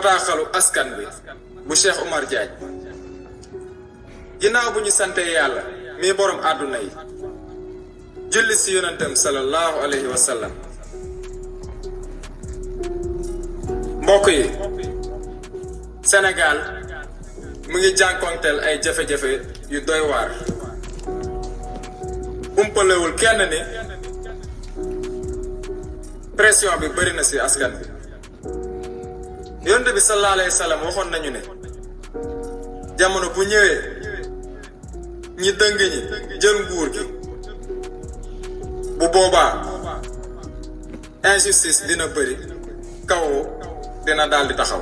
bataaxalu askan bi bu Cheikh Oumar Diagne ginnaaw bu ñu sante yàlla mii boroom àdduna yi julli si yonentam sallallahu alayhi wa mbokk yi Sénégal mu ngi jànkonteel ay jafe-jafe yu doy waar umpalewul kenn ni pression bi bari na ci askan bi yonde bi sallallahu alayhi wasallam waxon nañu ne jamono bu ñewé ñi dëng ñi jël nguur gi bu boba injustice dina bëri kawo dina dal di taxaw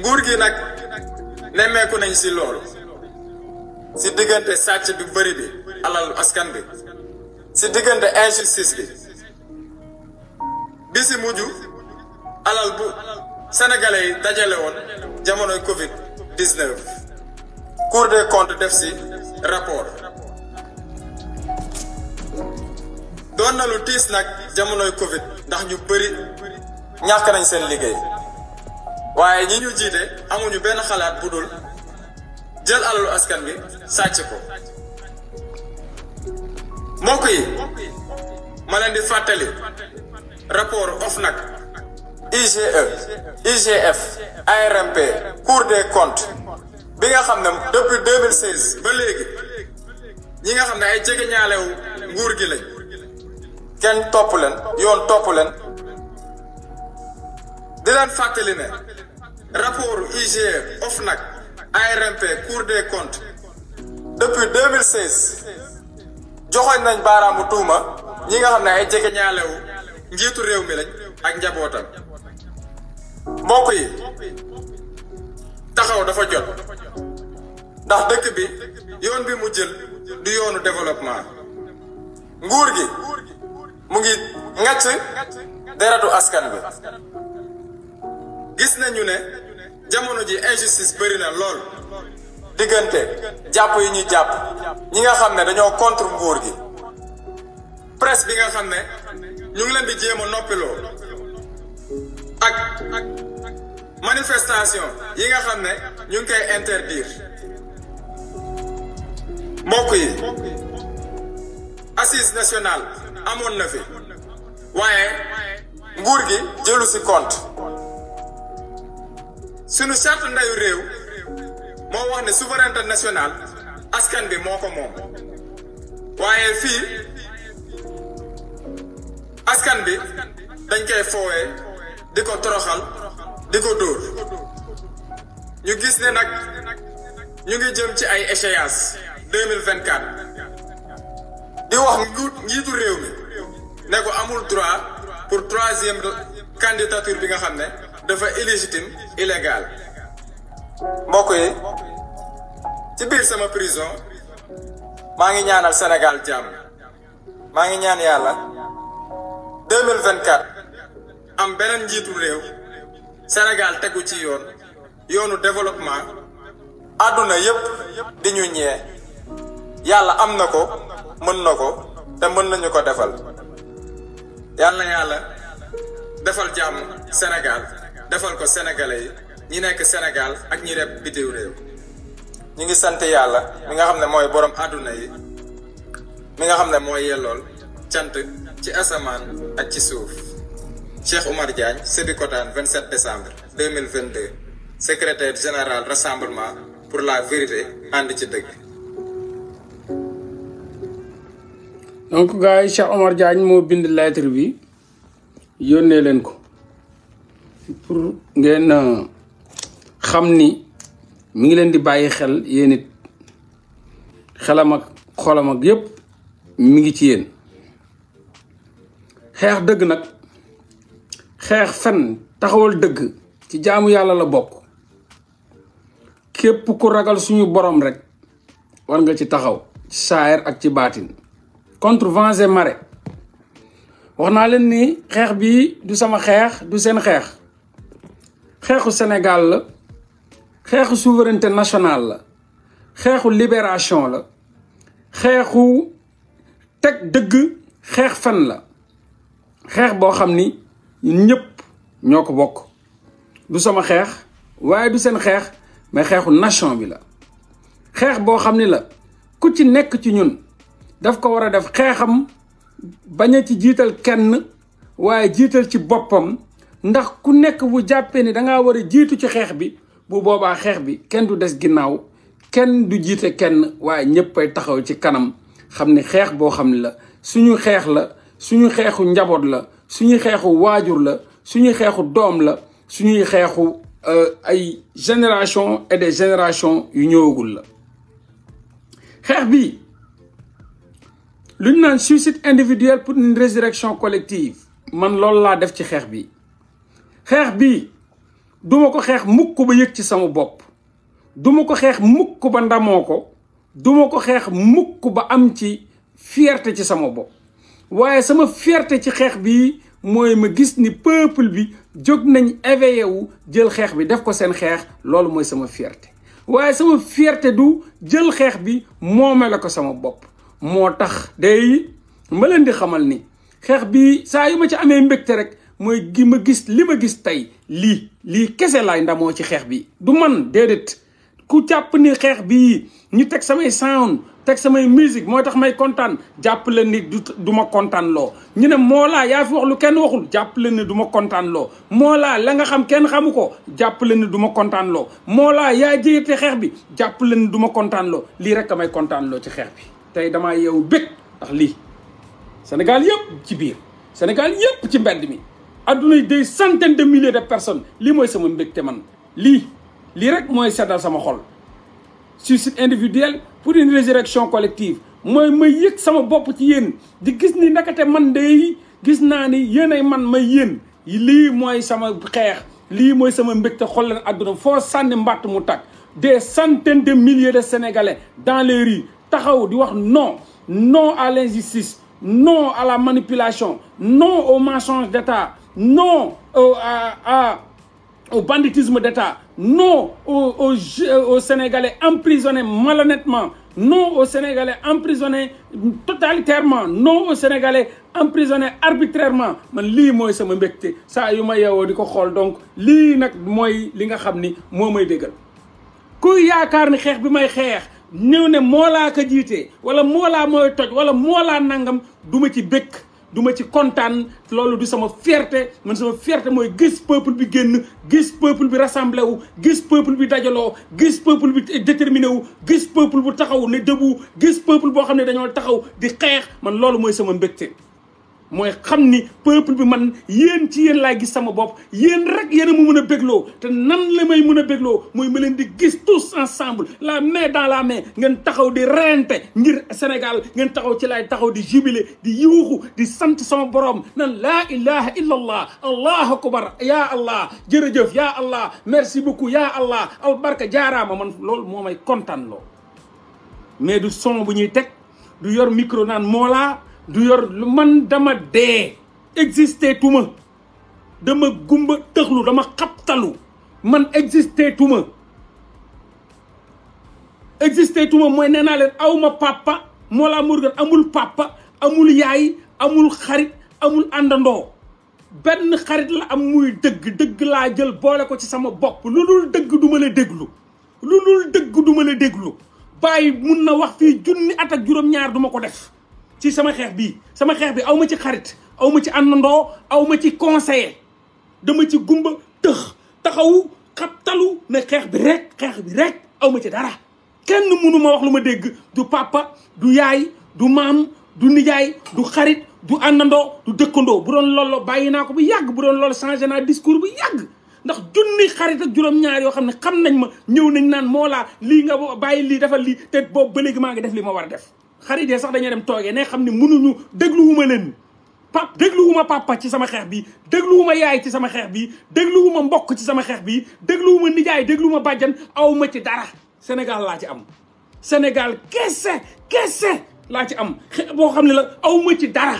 nguur gi nañ si lool ci digënté sacc bi bëri bi alal askan bi si digënté injustice bi bisi muju alal bu sénégalais yi dajale woon jamonoy Covid 19. cour des comptes def si rapport doon na lu tiis nag jamonoy Covid ndax ñu bëri ñàkk nañ seen liggéey waaye ñi ñu jiite amuñu benn xalaat bu dul jël alalu askan bi sàcc ko mbokk yi ma leen di fàttali rapport OFNAC IGE IGF ARMP Cour des comptes bi nga xam ne depuis 2016 ba léegi ñi nga xam ne ay jege ñaalew nguur gi lañ kenn topp leen yoon topp leen di leen fàttali ne rapport IGE OFNAC ARMP Cour des comptes depuis 2016 joxoñ nañ baaraamu tuuma ñi nga xam ne ay jege ñaalew njiitu réew mi lañ ak njabootam mbokk yi taxaw dafa jot ndax dekk bi yoon bi mu jël du yoonu développement nguur gi mu ngi ngàcc deratu askan bi gis nañu ne jamono ji injustice bari na lool digënté japp yi ñu japp ñi nga xamné dañoo contre nguur gi presse bi nga xamné ñu ngi leen di ak manifestation yi nga xam ne ñu ngi koy interdire mbokk yi assise nationale amoon na fi waaye nguur gi jëlu ci compte sunu charte ndeyu réew moo wax ne souveraineté nationale askan bi moo ko moom waaye fii askan bi dañ koy foowee diko toroxal diko ko ñu gis ne nak ñu ngi jëm ci ay échéance 2024 di wax njiitu réew mi ne ko amul droit pour troisième candidature bi nga xam dafa illégitime illégal mbokk yi ci biir sama prison maa ngi ñaanal Sénégal jàmm maa ngi ñaan yàlla 2024 am beneen njiitu réew Sénégal tegu ci yoon yoonu développement àdduna yépp di ñu ñee yàlla am na ko mën na ko te mën nañu ko defal yàlla yàlla defal jàmm Sénégal defal ko sénégalais yi ñi nekk Sénégal ak ñi rep bitiw réew ñu ngi sant yàlla mi nga xam ne mooy boroom àdduna yi mi nga xam ne mooy yellool cant ci asamaan ak ci suuf Cheikh Omar Diagne Sébikotane 27 décembre 2022 secrétaire général rassemblement pour la vérité ànd ci dëgg. donc gars yi Cheikh Omar Diagne moo bind lettre bi yónnee leen ko pour ngeen euh, xam ni mu ngi leen di bàyyi xel yéen it xelam ak xolam ak yépp mi ngi ci yéen xeex dëgg nag. xeex fen taxawal dëgg ci jaamu yàlla la bokk képp ku ragal suñu borom rek war nga ci taxaw ci saayir ak ci baatin contre vents mare wax naa leen ni xeex bi du sama xeex du seen xeex xeexu Sénégal la xeexu souveraineté national la xeexu libération la xeexu teg dëgg xeex fen la xeex boo xam ni ñun ñëpp ñoo ko bokk du sama xeex waaye du seen xeex mais xeexu nation bi la xeex boo xam ni la ku ci nekk ci ñun daf ko war a def xeexam bañ a ci jiital kenn waaye jiital ci boppam ndax ku nekk bu jàppee ni dangaa war a jiitu ci xeex bi bu boobaa xeex bi kenn du des ginnaaw kenn du jiite kenn waaye ñëppay taxaw ci kanam xam ni xeex boo xam ne la suñu xeex la suñu xeexu njaboot la suñu wajur la suñu dom la suñuy euh, ay génération et des générations yu ñëwugul la bi suicide individuel pour une résurrection collective man lool la def ci xex bi xex bi duma ko xex mukk ba ci sama duma ko mukk ba duma ko fierté waaye sama fierté ci xeex bi mooy ma gis ni peuple bi jóg nañ éveillé wu jël xeex bi def ko seen xeex loolu mooy sama fierté waaye sama fierté du jël xeex bi moome la ko sama bopp moo tax day ma leen di xamal ni xeex bi saa yi ma ci amee mbégte rek mooy gi ma gis li ma gis tey lii lii kese laay ndamoo ci xeex bi du man déedéet ku jàpp ni xeex bii ñu teg sound teg samay musique moo tax may kontaan jàpp ni duma du ma kontaan loo ñu ne mola ya fi wax lu kenn waxul ni duma ma lo. Mola Mollah la nga xam kenn ni duma ma lo. Mola ya yaa jëyate xeex bi jàpp ni duma ma lo. loo lii rek may kontaan loo ci xeex bi tey damaa yeewu Sénégal yop ci biir Sénégal yop ci mbedd mi des centaines de milliers de personnes lii c'est sama mbégte man Li li rek mooy seddal sama xol suicide individuel pour une résurrection collective moy ma yek sama bop ci yeen di gis ni nakate man day gis na ni yéen man may yeen li moy sama xex li moy sama mbégte xol leen aduna fo sànni mbàtt mu tak des centaines de milliers de sénégalais dans les rues taxaw di wax non non à l'injustice non à la manipulation non au mensonge d'État non à à au banditisme d'État, non aux, euh, Sénégalais emprisonnés malhonnêtement, non aux Sénégalais emprisonnés totalitairement, non aux Sénégalais emprisonnés arbitrairement. Man li moy sama mbekté ça yuma diko xol donc li nak moy li nga xamni momay deugal. Ku ni xex bi xex ñew ne ka wala mola moy wala mola nangam duma ci duma ci contane lolu du sama fierté man sama fierté moy gis peuple bi génn gis peuple bi rassemblé wu gis peuple bi dajalo gis peuple bi déterminé wu gis peuple bu taxaw ne debout gis peuple bo xamné dañoo taxaw di xex man lolu moy sama mbégte mooy xam ni peuple bi man yéen ci yéen laa gis sama bopp yéen rek yéen a mën a bégloo te nan la may mën a bégloo mooy ma leen di gis tous ensemble la main dans ngeen taxaw di reyante ngir Sénégal ngeen taxaw ci laay taxaw di jubilé di yuuxu di sant sama borom nan laa ilaha illa allah allahu akbar yaa allah jërëjëf yaa allah merci beaucoup yaa allah albarka jaaraama man loolu moo may kontaan loo mais du son bu ñuy teg du yor micro naan moolaa du yor man dama dee existé tuma dama gumba tëxlu dama xaptalu man existé tuma existé tuma mooy nee naa leen awma papa Mollah Morgun amul pàppa amul yaay amul xarit amul àndandoo benn xarit la am muy dëgg dëgg laa jël boole ko ci sama bopp lu dul dëgg du ma la déglu lu dul dëgg du ma la déglu bàyyi mun na wax fii junni at ak juróom-ñaar du ko def ci sama xeex bii sama xeex bi aw ma ci xarit aw ma ci àndandoo aw ma ci conseiller dama ci gumba tëx taxawu xabtalu ne xeex bi rek xeex bi rek aw ma ci dara kenn mënu ma wax lu ma dégg du papa du yaay du maam du nijaay du xarit du àndandoo du dëkkandoo bu doon loolu bàyyi naa ko bu yàgg bu doon loolu changé naa discours bu yàgg ndax junni xarit ak juróom-ñaar yoo xam ne xam nañ ma ñëw nañ naan moo laa lii nga bàyyi lii defal lii te boobu ba léegi maa ngi def li ma war a def xarit yi sax dañoo dem toogee ne xam ne mënuñu dégluwuma leen pap dégluwuma papa ci sama xeex bi dégluwuma yaay ci sama xeex bi dégluwuma mbokk ci sama xeex bi dégluwuma nijaay dégluwuma bàjjan awma ci dara Sénégal laa ci am Sénégal kese kese laa ci am boo xam ne la awma ci dara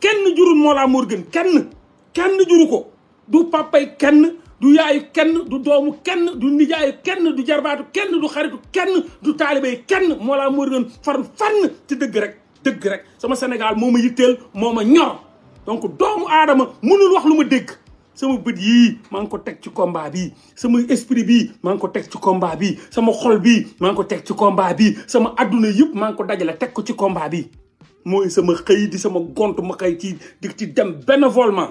kenn jurul moo laa mór gën kenn kenn juru ko du papay kenn du yaayu kenn du doomu kenn du nijaayu kenn du jarbaatu kenn du xaritu kenn du taalibé kenn moo laa mari doon far fànn dëgg rek dëgg rek sama Sénégal moo ma yitteel moo ma ñor donc doomu aadama mënul wax lu ma dégg sama bët yii maa ngi ko teg ci combat bi sama esprit bii maa ngi ko teg ci combat bi sama xol bii maa ko teg ci combat bi sama adduna yëpp maa ngi ko dajale teg ko ci combat bi mooy sama xëy di sama gont ma xëy ci di ci dem bénévolement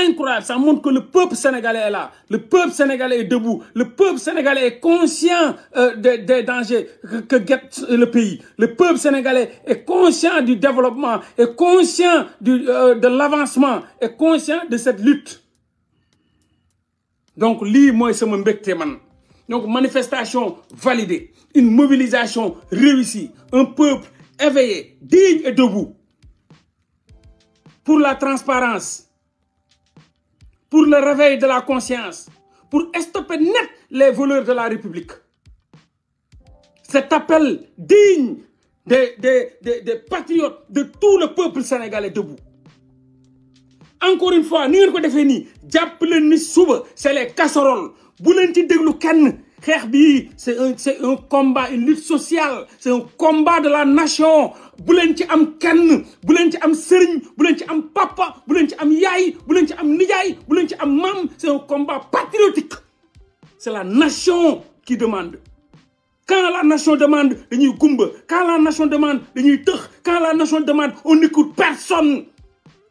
incroyable. Ça montre que le peuple sénégalais est là. Le peuple sénégalais est debout. Le peuple sénégalais est conscient euh, des, dangers que, guette euh, le pays. Le peuple sénégalais est conscient du développement, est conscient euh, de l'avancement, est conscient de cette lutte. Donc, li moi, c'est mon Donc, manifestation validée, une mobilisation réussie, un peuple éveillé, digne et debout. Pour la transparence, pour le réveil de la conscience, pour stopper net les voleurs de la République. Cet appel digne des, des, patriotes de tout le peuple sénégalais debout. Encore une fois, nous avons fait ni c'est les casseroles. Vous c'est un combat une lutte sociale c'est un combat de la nation c'est un combat patriotique c'est la nation qui demande quand la nation demande quand la nation demande la nation demande on n'écoute personne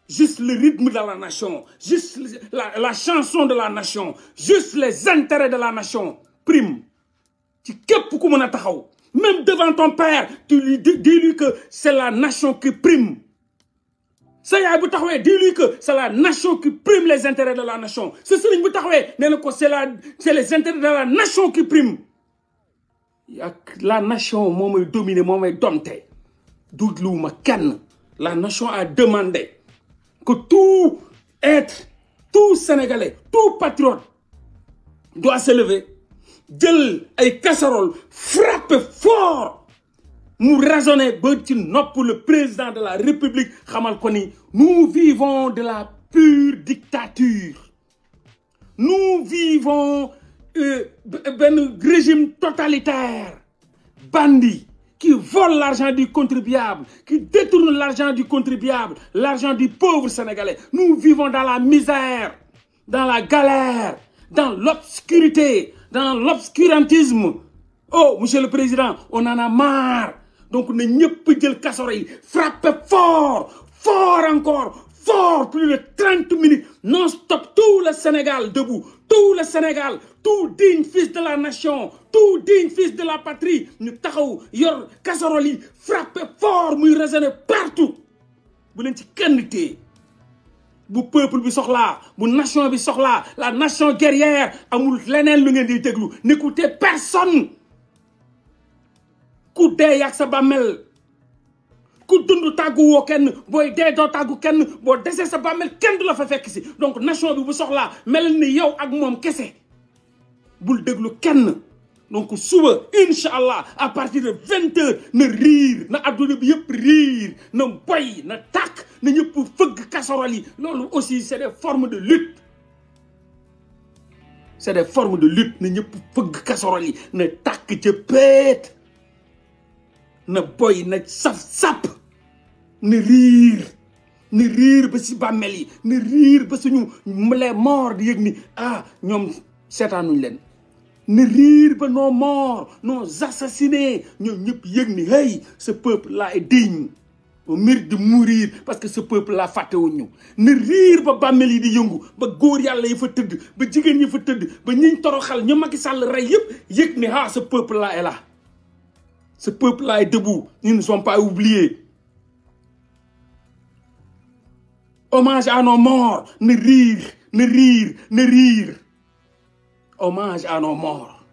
juste le rythme de la nation juste la chanson de la nation juste les intérêts de la nation prime tu képp ku même devant ton père tu lui dis-lui que c'est la nation qui prime dis-lui que c'est la nation qui prime les intérêts de la nation C'est c'est les intérêts de la nation qui prime la nation la nation a demandé que tout être tout sénégalais tout patriote doit se lever jël ay casserole frappe fort Nous raisonnons, le président de la république khamal nous vivons de la pure dictature nous vivons un euh, régime totalitaire bandit qui vole l'argent du contribuable, qui détourne l'argent du contribuable, l'argent du pauvre Sénégalais. Nous vivons dans la misère, dans la galère dans l'obscurité, dans l'obscurantisme. Oh, monsieur le président, on en a marre. Donc, ne dire jël de yi Frappez fort, fort encore, fort, plus de 30 minutes, non-stop, tout le Sénégal debout, tout le Sénégal, tout digne fils de la nation, tout digne fils de la patrie, ñu taxaw yor kasoro frappe fort muy résonner partout. Bu n'êtes ci bu peuple bi bu nation bi la nation guerrière amul leneen lu ngeen di n'écoutez personne ku dé Yak sa bamel ku wo kenn boy dé do kenn bo déssé sa bamel kenn la fa fekk donc nation bi bu soxla mel ni yow ak mom kessé bul déglu kenn donc souba inshallah, à partir de 20h, ne rire, na adduna bi yépp na na na ñëpp fëgg casserole yi aussi c'est des formes de lutte C'est des formes de lutte nous ñëpp fëgg casserole yi ne de ca ne boy na saf-sap pour rire ba les morts di ni ah nous ne rire pas nos morts, nos assassinés. Nous, nous, nous, ce peuple-là est digne au mérite de mourir parce que ce peuple là fàttewuñ Ne rire riir ba rire pas di yëngu ba góor yalla yi fa ba jigen yi ba ñiñ toroxal ñu ah, ce peuple là est là ce peuple là est debout nous ne sommes pas oubliés hommage à nos morts Ne rire, ne rire, ne rire. hommage à nos morts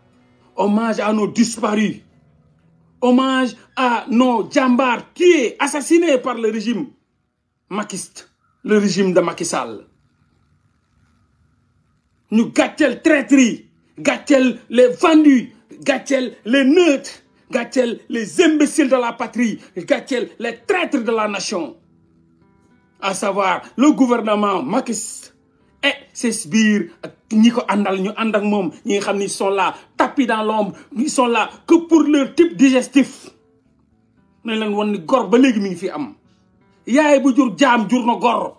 hommage à nos disparus hommage à nos qui est assassiné par le régime maquiste, le régime de Macky Nous gâtons traîtris, gâtons les vendus, gâtons les neutres, les imbéciles de la patrie, gâtons les traîtres de la nation. À savoir le gouvernement maquiste, et eh, ses sbires ñi ko àndal ñu ànd ak moom ñi nga xam ni sont là tapis dans l'ombre ils sont là que pour leur type digestif nañ leen wan ni gor ba léegi mi ngi fi am yaay bu jur jaam jur na gor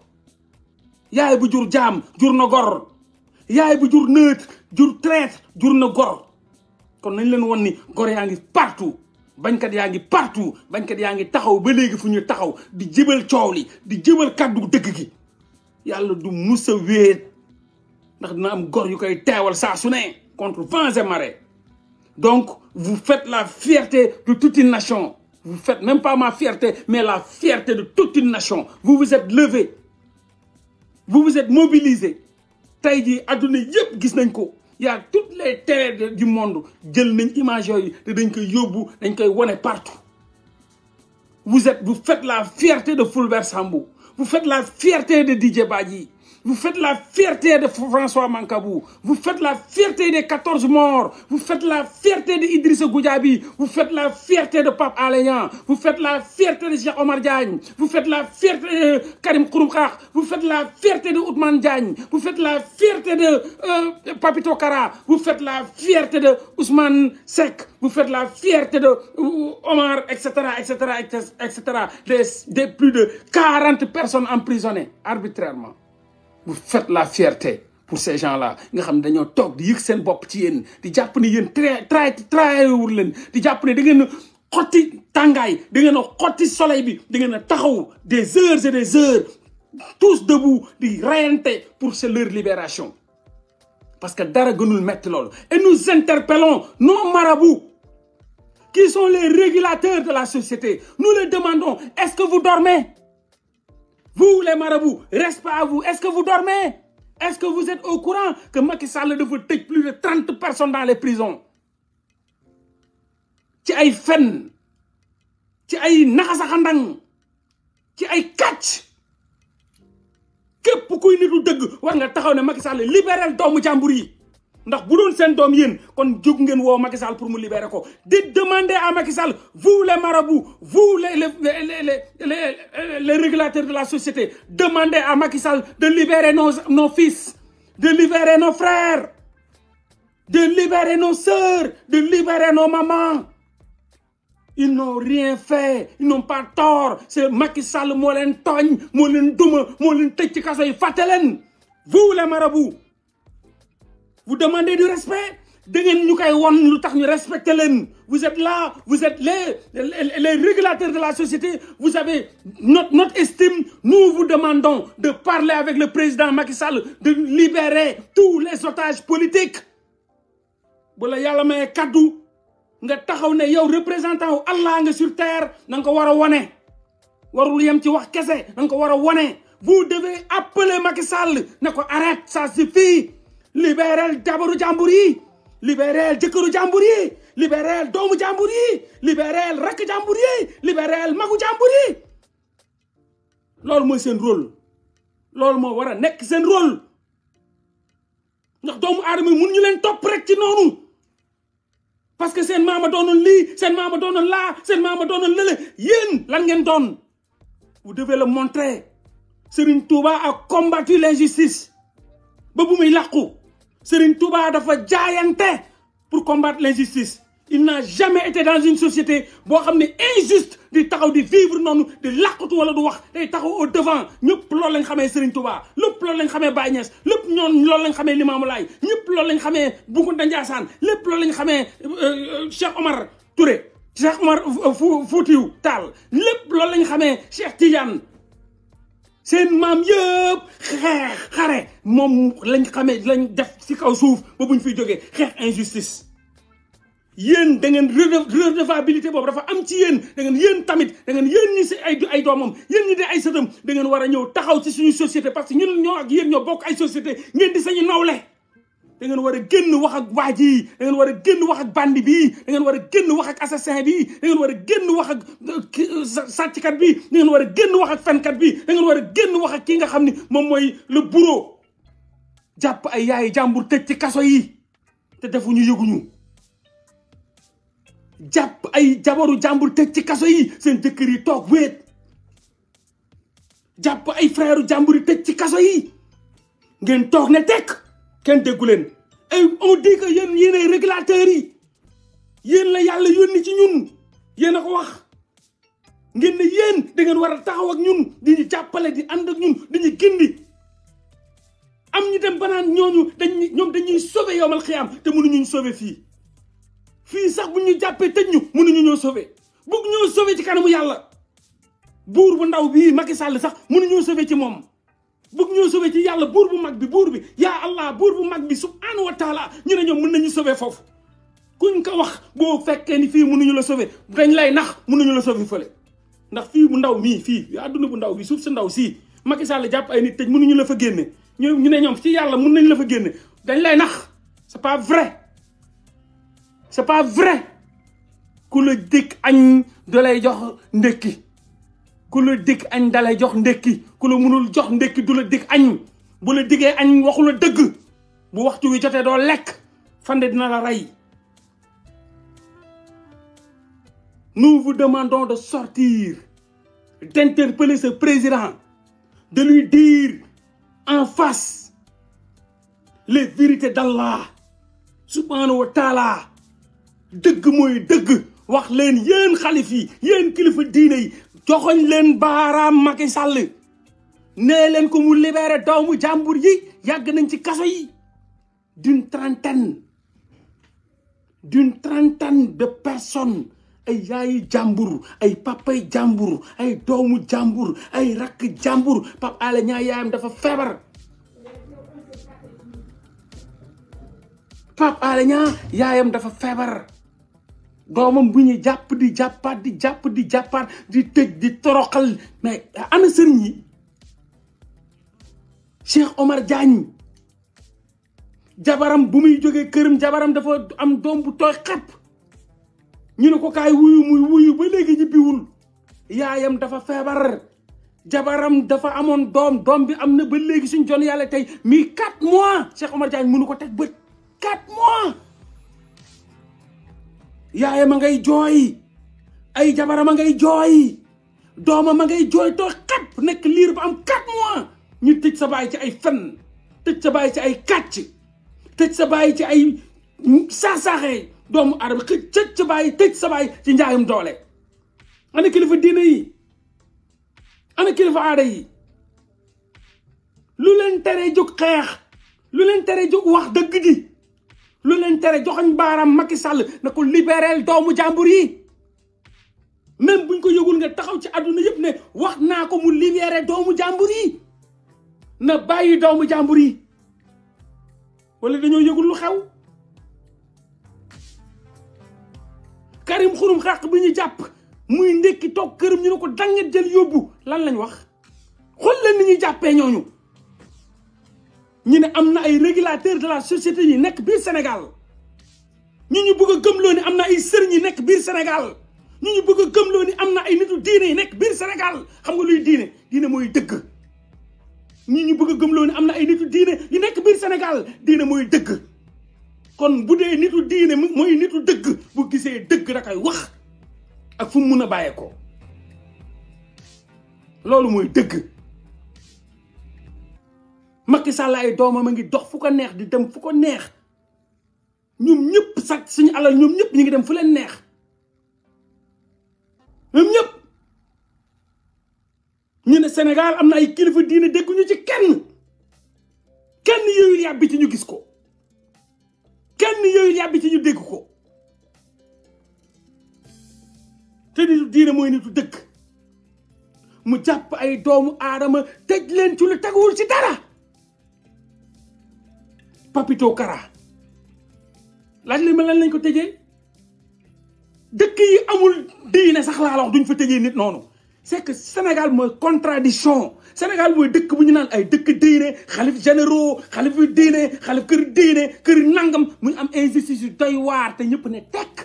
yaay bu jur jaam jur na gor yaay bu jur neutre jur traître jur na gor kon nañ leen wan ni gor yaa ngi partout bañkat yaa ngi partout bañkat yaa ngi taxaw ba léegi fu ñu taxaw di jëbal coow li di jëbal kàddu dëkk gi Il du a wéet ndax dina am gor yu koy teewal saa su contre vents et donc vous faites la fierté de toute une nation vous faites même pas ma fierté mais la fierté de toute une nation vous vous êtes levé vous vous êtes mobilisé Il y a gis nañ ko toutes les terres du monde jël nañ image yoy te dañ koy yobbu dañ koy partout vous êtes vous faites la fierté de Fulbert Sambo. Vous faites la fierté de DJ Badji. Vous faites la fierté de François Mankabou. Vous faites la fierté des 14 morts. Vous faites la fierté d'Idriss Goudjabi. Vous faites la fierté de Pape Alayan. Vous faites la fierté de Cheikh Omar Diagne. Vous faites la fierté de Karim Kouroukha. Vous faites la fierté de Oudman Diagne. Vous faites la fierté de, Papito Kara. Vous faites la fierté de Ousmane Sek. Vous faites la fierté de Omar, etc., etc., etc., des plus de 40 personnes emprisonnées arbitrairement vous faites la fierté pour ces gens-là nga savez ne sont toog di yëg seen bopp ci yéen di jàpp ne yéen tra tra trahiwul leen di jàpp ne da ngeen a xotti tàngaay soleil bi da taxaw des heures et des heures tous debout di reyante pour se leur libération parce que dara nous met loolu et nous interpellons nos marabouts qui sont les régulateurs de la société nous leur demandons est-ce que vous dormez vous, les marabouts, respect à vous. Est-ce que vous dormez Est-ce que vous êtes au courant que Macky Sall vous tue plus de 30 personnes dans les prisons ci ay fen ci ay naxasaxandang ci ay kàcc képp kuy Pourquoi il war nga taxaw ne Macky Sall libéral dans le ndax bu doon seen je suis kon jóg ngeen pour mu libérer ko à Macky vous les marabouts vous les les les les régulateurs de la société demandez à Macky de libérer nos nos fils de libérer nos frères de libérer nos sœurs de libérer nos mamans ils n'ont rien fait ils n'ont pas tort c'est Macky Sall l'en leen nous moo leen duma moo leen vous les marabouts vous demandez du respect vous êtes là vous êtes les les régulateurs de la société vous avez notre notre estime nous vous demandons de parler avec le président Macky Sall de libérer tous les otages politiques bu sur terre vous devez appeler Macky Sall arrête ça suffit libéral jabaru jàmbur yi libéral jëkkëru jàmbur yi libéral doomu jàmbur yi libéral rakk jàmbur yi libéral magu jàmbur yi loolu mooy seen rôle loolu moo war a nekk seen doomu aadama mun ñu leen topp rek ci noonu parce que seen maama doonoon lii seen maama doonoon laa seen maama doonoon lële yéen lan ngeen doon vous devez le montrer Touba a combattu l'injustice ba bu muy làqu Serigne Touba dafa jaayante pour combattre l'injustice il n'a jamais été dans une société boo a injuste de taxaw di vivre de di làqatu wala du wax au devant Nous loolu lañ xamee Serigne Touba nous loolu lañ le Baye Niass ñoon loolu lañ xamee Boukounta Ndiassane loolu lañ euh, euh, Cheikh Omar Touré Cheikh Omar Foutiou Tal, lépp loolu lañ Cheikh seen maam yëpp xeex xare moom lañ xamee lañ def ci kaw suuf ba ñu fi jógee xeex injustice yéen da ngeen redevabilité boobu dafa am ci yéen da ngeen tamit da ngeen yéen ñi si ay ay doomam yéen ñi di ay sëtam da ngeen war a ñëw taxaw ci suñu société parce que ñun ñoo ak yéen ñoo bokk ay société ngeen di sañu le da ngeen war a génn wax ak waa ji da ngeen war génn wax ak bandi bi da ngeen war génn wax ak assassin bi da ngeen war génn wax ak euh, euh, bi da ngeen génn wax ak fenkat bi da ngeen war a génn wax ak ki nga xam ni moom mooy le jàpp ay yaay jàmbur tëj ci kaso yi te defuñu yëguñu jàpp ay jabaru jàmbur tëj ci kaso yi seen jëkkër yi toog wéet jàpp ay frèru jàmbur yi tëj ci kaso yi ngeen toog ne tekk kenn déggu leen ay on dit que yéen yéenay yi yéen la yàlla yónni ci ñun yéen a ko wax ngeen ne yéen da ngeen war a taxaw ak ñun di ñu jàppale di ànd ak ñun di ñu gindi am ñu dem banaan ñooñu dañ ñoom dañuy sauver yowmal xiyaam te mënuñu ñu fii fii sax bu ñu jàppee tëj ñu mënuñu ñoo sauver bugg ñoo sauver ci kanamu yàlla buur bu ndaw bii Macky Sall sax mënuñoo sauver ci moom. bëgg ñoo sauver ci yàlla buur bu mag bi buur bi yaa allah buur bu mag bi subhanahu wa taala ñu ne ñoom mun nañu sauver foofu kuñ ko wax boo fekkee ni fii mënuñu la sauver dañ lay nax mënuñu la sauver fële ndax fii bu ndaw mii fii adduna bu ndaw bi suuf sa ndaw sii Macky Sall jàpp ay nit tëj mënuñu la fa génne ñu ñu ne ñoom ci yàlla mun nañ la fa génne dañ lay nax c'est pas vrai c'est pas vrai ku la dikk añ da lay jox ndékki ku dik agn dalay jox ndekki ku munul jox ndekki dula dik agn añ bu la digee añ waxu la dëgg bu waxtu wi jotee do lek fande dina la ray nous vous demandons de sortir d'interpeller ce président de lui dire en face les vérités d'Allah subhanahu wa taala deug moy deug wax len yeen xalif yeen kilifa diine yi joxoñ leen baaraam Macky Sall nee leen ko mu libéré doomu jàmbur yi yàgg nañ ci kaso yi d'une trentaine d'une trentaine de person ay yaayi jàmbur ay papay jàmbur ay doomu jàmbur ay rakk jàmbur Pape Alé Niang yaayam dafa feebar Pape Alé Niang yaayam dafa feebar doomam bu ñu jàpp di jàppaat di jàpp di jàppaat di tëj di torokal mais ana sëriñ yi Cheikh Omar jaañ jabaram bu muy jógee këram jabaram dafa am doom bu tooy xepp ñu ne ko kaay wuyu muy wuyu ba léegi ñibbiwul yaayam dafa feebar jabaram dafa amoon doom doom bi am na ba léegi suñ jon yàlla tey mi quatre mois Cheikh Omar Diagne mënu ko teg bët quatre mois yaayam a ngay jooy ay jabaram a ngay jooy dooma ma ngay jooy too xat nekk liir ba am quatre mois ñu tëj sa baay ci ay fen tëj sa ci ay kàcc tëj sa ci ay saax-saaxee doomu arab xëj tëj sa ci njaayum doole ana kilifa diine yi ana kilifa aada yi lu leen tere jóg xeex lu leen tere jóg wax dëgg lu leen tere joxoñ baaraam Macky Sall na ko libéral doomu jàmbur yi même buñ ko yëgul nga taxaw ci àdduna yëpp ne wax naa ko mu libéré doomu jàmbur yi na bàyyi doomu jàmbur yi wala dañoo yëgul lu xew Karim xurum xàq bi ñu jàpp muy ndekki toog këram ñu ne ko danget jël yóbbu lan lañ wax xool leen ni ñuy jàppee ñooñu ñu ne am na ay régulateur de la société yi nekk biir Sénégal ñu ñu bëgg a gëmloo ni am na ay sëriñ yi nekk biir Sénégal ñu ñu bëgg a gëmloo ni am na ay nitu diine yi nekk biir Sénégal xam nga luy diine diine mooy dëgg ñu ñu bëgg a gëmloo ni am na ay nitu diine yi nekk biir Sénégal diine mooy dëgg kon bu dee nitu diine mooy nitu dëgg bu gisee dëgg da koy wax ak fu mu mun a bàyyee ko loolu mooy dëgg Macky Sall ay doomam a ngi dox fu ko neex di dem fu ko neex ñoom ñëpp sax suñu alal ñoom ñëpp ñu ngi dem fu leen neex ñoom ñëpp ñu ne Sénégal am na ay kilifa diine dégguñu ci kenn kenn yooyu yàbbi ci ñu gis ko kenn yooyu yàbbi ci ñu dégg ko te nitu diine mooy nitu dëkk mu jàpp ay doomu aadama tëj leen ci lu teguwul ci dara Papito Kara laaj li ma lan lañ ko tëjee dëkk yi amul diine sax laa la wax duñ fa tëjee nit noonu c'est que Sénégal mooy contradiction Sénégal mooy dëkk bu ñu naan ay dëkk diine xalif généraux xalif yu diine xalif kër diine kër nangam mu am injustice yu doy waar te ñëpp ne tekk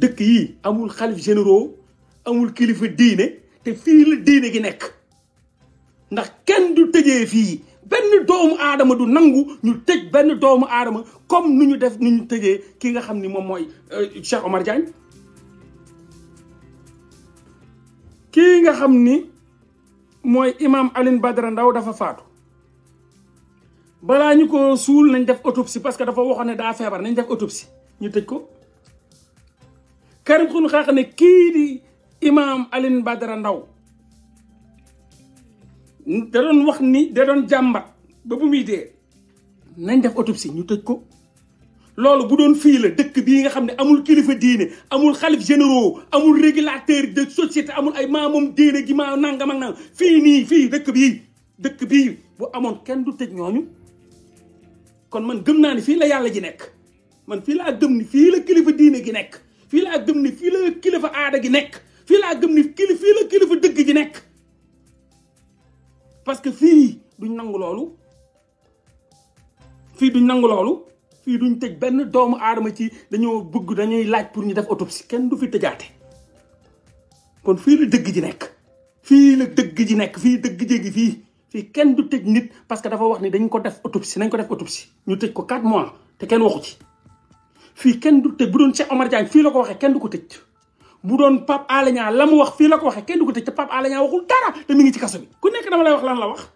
dëkk yi amul xalif généraux amul kilifa diine te fii la diine gi nekk ndax kenn du tëjee fii benn doomu aadama du nangu ñu tëj benn doomu aadama comme nu ñu def nu ñu tëjee ki nga xam ni moom mooy euh, Cheikh Omar Diagne kii nga xam ni mooy imam Alioune Badara ndaw dafa faatu balaa ñu ko suul nañ def autopsie parce que dafa waxoon ne daa feebar nañ def autopsie ñu tëj ko Karim Xrum Xax ne kii di imam Alioune Badara Ndao da doon wax ni da doon jàmbat ba bu muy dee nañ def autopsie ñu tëj ko loolu bu doon fii la dëkk bii nga xam ne amul kilifa diine amul xalif généro amul régulateur de société amul ay maamam diine gi maa nangam ak nangam nii fii dëkk bii dëkk bii bu amoon kenn du tëj ñooñu kon man gëm naa ni fii la yàlla ji nekk man fii laa gëm ni fii la kilifa diine gi nekk fii laa gëm ni fii la kilifa aada gi nekk fii laa gëm ni kili fii la kilifa dëkk ji nekk nangu loolu fii duñ nangu loolu fii duñ tëj benn doomu aadama ci dañoo bëgg dañuy laaj pour ñu def autopsie kenn du fi tëjaate kon fii la dëgg ji nekk fii la dëgg ji nekk fii dëgg jéegi fii fii kenn du tëj nit parce que dafa wax ni dañ ko def autopsie nañ ko def autopsie ñu tëj ko 4 mois te kenn waxu ci fii kenn du tëj bu doon Cheikh Omar Diagne fii la ko waxee kenn du ko tëj bu doon wax la ko kenn du ko te waxul dara te mi ngi ci bi ku dama lay wax lan la wax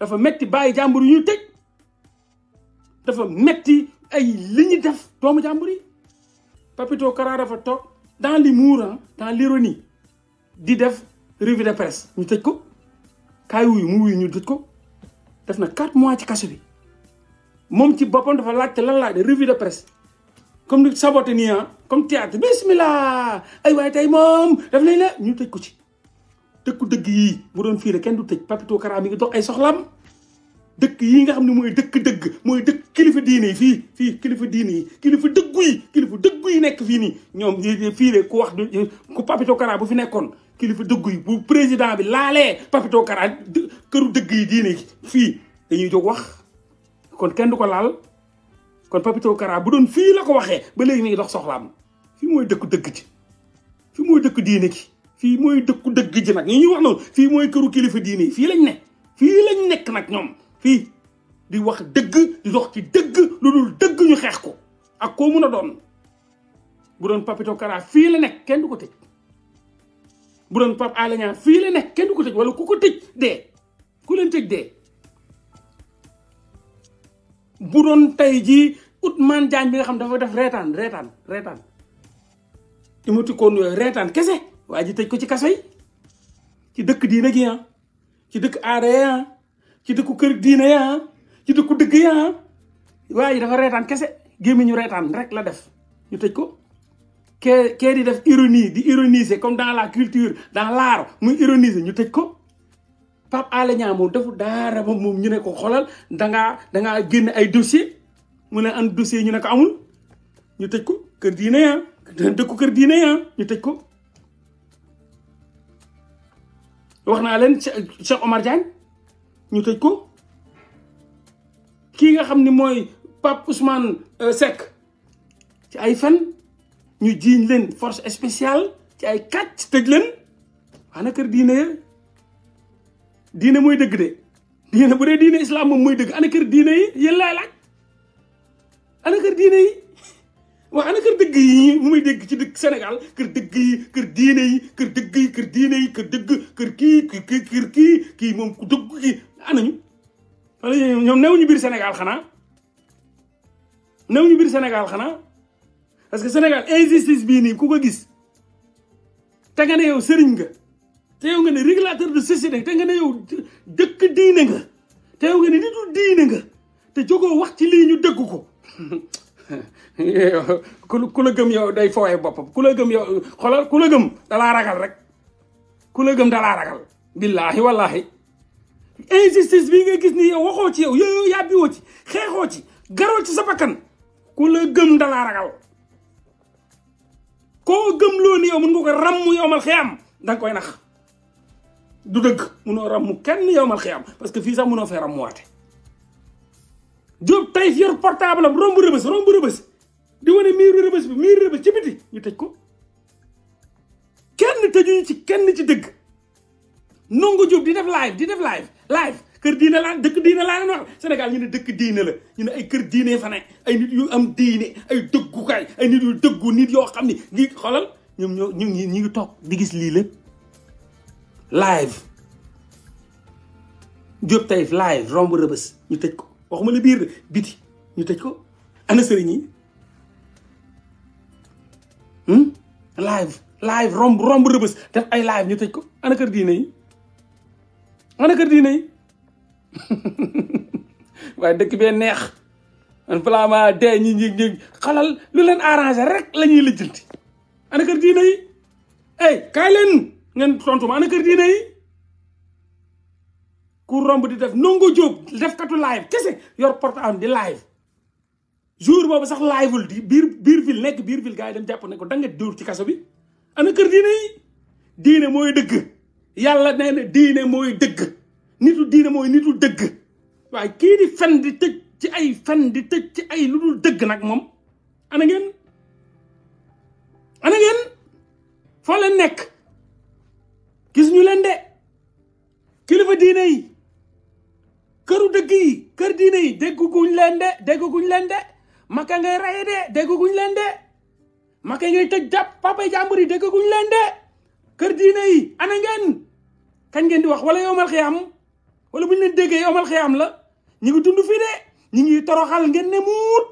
dafa metti bàyyi jàmbur yi ñuy tëj dafa metti ay li ñu def doomu jàmbur yi Papito Kara dafa toog dans li l'humour dans l'ironie di def revue de presse ñu tëj ko kaay yu mu wuyu ñu tëj ko def na quatre mois ci kaso bi moom ci boppam dafa laajte lan laaj de revue de presse comme ni saboté nii comme théâtre bismillah ay waay tey moom daf lay la ñu tëj ko ci dëkku dëgg yi bu doon fiire kenn du tëj Papito Kara mi ngi dox ay soxlaam dëkk yii nga xam ne mooy dëkk dëgg mooy dëkk kilifa yi fii fii kilifa diine yi kilifa dëggu kilifa dëggu yi nekk fii nii ñoom fii rek ku wax du bu fi nekkoon kilifa dëggu yi bu président bi laalee Papito Kara këru dëgg yi diine fii dañuy jog wax kon kenn du ko laal kon Papito Kara bu doon fii la ko waxee ba léegi mi ngi dox soxlaam fii mooy dëkk dëgg ci fii mooy dëkk diine ki fii mooy dëkku dëgg ji nag ñi ñuy wax noonu fii mooy këru kilifa diine yi fii lañ ne fii lañ nekk nag ñoom fii di wax dëgg di dox ci dëgg lu dul dëgg ñu xeex ko ak koo mun a doon bu doon Papito Kara fii la nekk kenn du ko tëj bu doon Pape Alé fii la nekk kenn du ko tëj wala ku ko tëj dee ku leen tëj dee bu doon tey jii Ousmane Diagne bi nga xam dafa def reetaan reetaan reetaan imuti koon yooyu reetaan kese waji tej ko ci kasso yi ci dekk diina gi ha ci dekk aada ha ci dekk keur diina ya ci dekk deug ya waji dafa retane kesse gemi ñu retane rek la def ñu tej ko ke ke di def ironie di ironiser comme dans la culture dans l'art muy ironiser ñu tej ko pap Alé Niang moom defu daara mom moom ñu ne ko xolal da nga genn ay dossier mu ne and dossier ñu ne ko amul ñu tej ko keur diina ya dekk keur diina ya ñu tej ko wax naa leen Cheikh Omar Diagne ñu tëj ko kii nga xam ni mooy Pape Ousmane euh, Seck ci ay fen ñu jiiñ leen force spéciale ci ay kàcc tëj leen waana kër diine ya diine mooy dëgg de diine bu dee diine islam moom mooy dëgg ana kër diine yi yéen laay laaj ana kër diine yi waa ana kër dëgg yi mu muy dégg ci dëgg Sénégal kër dëgg yi kër diine yi kër dëgg yi kër diine dëgg kër kii kii kii kii moom dëgg kii anañu wala ñoom ñu biir Sénégal xanaa ñu biir Sénégal xanaa parce que Sénégal injustice bii nii ku ko gis te nga ne yow sëriñ nga te yow nga ne régulateur de société te nga ne yow dëkk diine nga te yow nga ne nitu diine nga te jógoo wax ci lii ñu dëgg ko ku la gëm yow day fooye boppam ku la gëm yow xoolal ku gëm dalaa ragal rek kula gëm dalaa ragal billaahi wallaahi injustice bi nga gis ni yow waxoo ci yow yow yàbbiwoo ci xeexoo ci garoo ci sa bakkan ku la gëm dalaa ragal koo gëm loo ni yow mun nga ko ràmm yowmal xiyam danga koy nax du dëgg munoo ràmm kenn yowmal xiyam parce que fii sax munoo fee ràmmuwaate Diop tey yor portable am romb rëbës romb rëbës di wane miiru rëbës bi miiru rëbës ci biti ñu tëj ko kenn tëjuñu ci kenn ci dëkk nongo Diop di def live di def live live kër diine laan dëkk diine laa leen senegal ñu ne dëkk diine la ñu ne ay kër diine fa ne ay nit yu am diine ay dëggukaay ay nit yu dëggu nit yoo xam ni ngi xoolal ñoom ñoo ñu ngi ñu ngi toog di gis lii lépp live Diop live romb rëbës ñu tëj ko waxuma la biir de biti ñu tëj ko ana sëriñ yi hmm? live live romb romb rëbës def ay live ñu tëj ko ana kër diine yi ana kër diine yi waaye dëkk bee neex man vraiment dee ñi ñi ñi xalal lu leen arrangé rek lañuy ñuy lijjanti ana kër diine yi ey kaay leen ngeen tontu ana kër diine yi ku romb di def nongo jóob def katu live kese yor porte am di live jour boobu sax liveul di biir biir ville nekk biir ville gars yi dem jàpp ne ko da nga ci kaso bi ana kër diine yi diine mooy dëgg yàlla nee na diine mooy dëgg nitu diine mooy nitu dëgg waaye kii di fen di tëj ci ay fen di tëj ci ay lu dul dëgg nag moom ana ngeen ana ngeen foo leen nekk gis ñu leen de kilifa diine yi këru dëgg yi kër diine yi dégguñ leen de dégguñ leen de maka ngay reye de dégguñ leen de maka ngay tëj jàpp papa jàmbur yi dégguñ leen de kër diine yi ana ngeen kañ ngeen di wax wala yomal xiyam wala bu ñu leen déggee yomal la ñu ngi dund fii de ñi ngi toroxal ngeen ne muut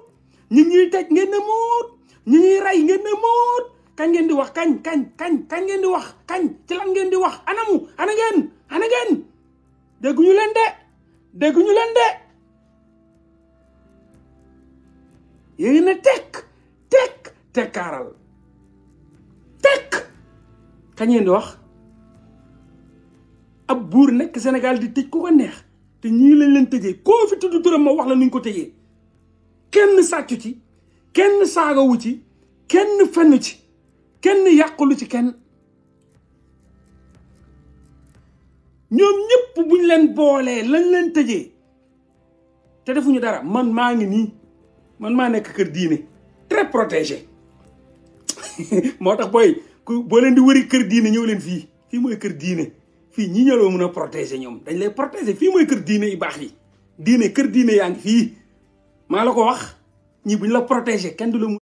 ñi ngi tëj ngeen ne muut ñi ngi rey ngeen ne muut kañ ngeen di wax kañ kañ kañ kañ ngeen di wax kañ ci lan ngeen di wax anamu ana ngeen ana ngeen dégguñu leen ñu leen de yéen ne tekk tekk tekkaaral tekk kañeen di wax ab buur nekk Sénégal di tëj ku ko neex te ñu lañ leen tëjee koo fi tudd turam ma wax la nuñ ko tëjee kenn sàccu ci kenn saagawu ci kenn fenn ci kenn yàqulu ci kenn ñoom ñëpp buñ leen boolee lañ leen tëjee te defuñu dara man maa ngi nii man maa nekk kër diine très protégé moo tax booy ku boo leen di wëri kër diine ñëw leen fii fii mooy kër diine fii ñi ñëloo mun a protégé ñoom dañ lay protégé fii mooy kër diine yu baax yi diine kër diine yaa ngi fii maa la ko wax ñii buñ la protégé kenn du la